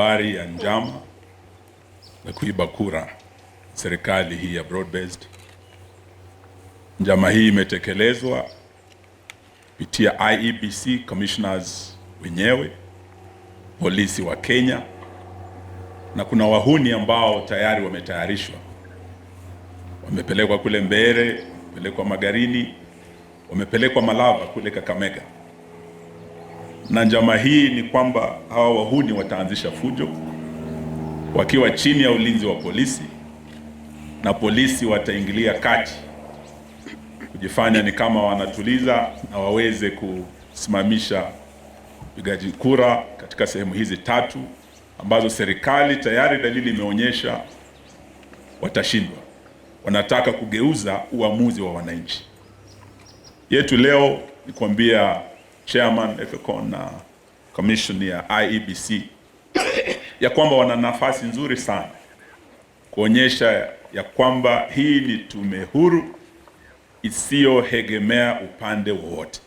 Habari ya njama na kuiba kura serikali hii ya broad based. Njama hii imetekelezwa kupitia IEBC commissioners wenyewe, polisi wa Kenya, na kuna wahuni ambao tayari wametayarishwa, wamepelekwa kule Mbeere, wamepelekwa Magarini, wamepelekwa Malava kule Kakamega na njama hii ni kwamba hawa wahuni wataanzisha fujo wakiwa chini ya ulinzi wa polisi, na polisi wataingilia kati kujifanya ni kama wanatuliza na waweze kusimamisha upigaji kura katika sehemu hizi tatu ambazo serikali tayari dalili imeonyesha watashindwa. Wanataka kugeuza uamuzi wa wananchi yetu. Leo ni kuambia chairman FECON na commission ya IEBC ya kwamba wana nafasi nzuri sana kuonyesha ya kwamba hii ni tume huru isiyohegemea upande wowote.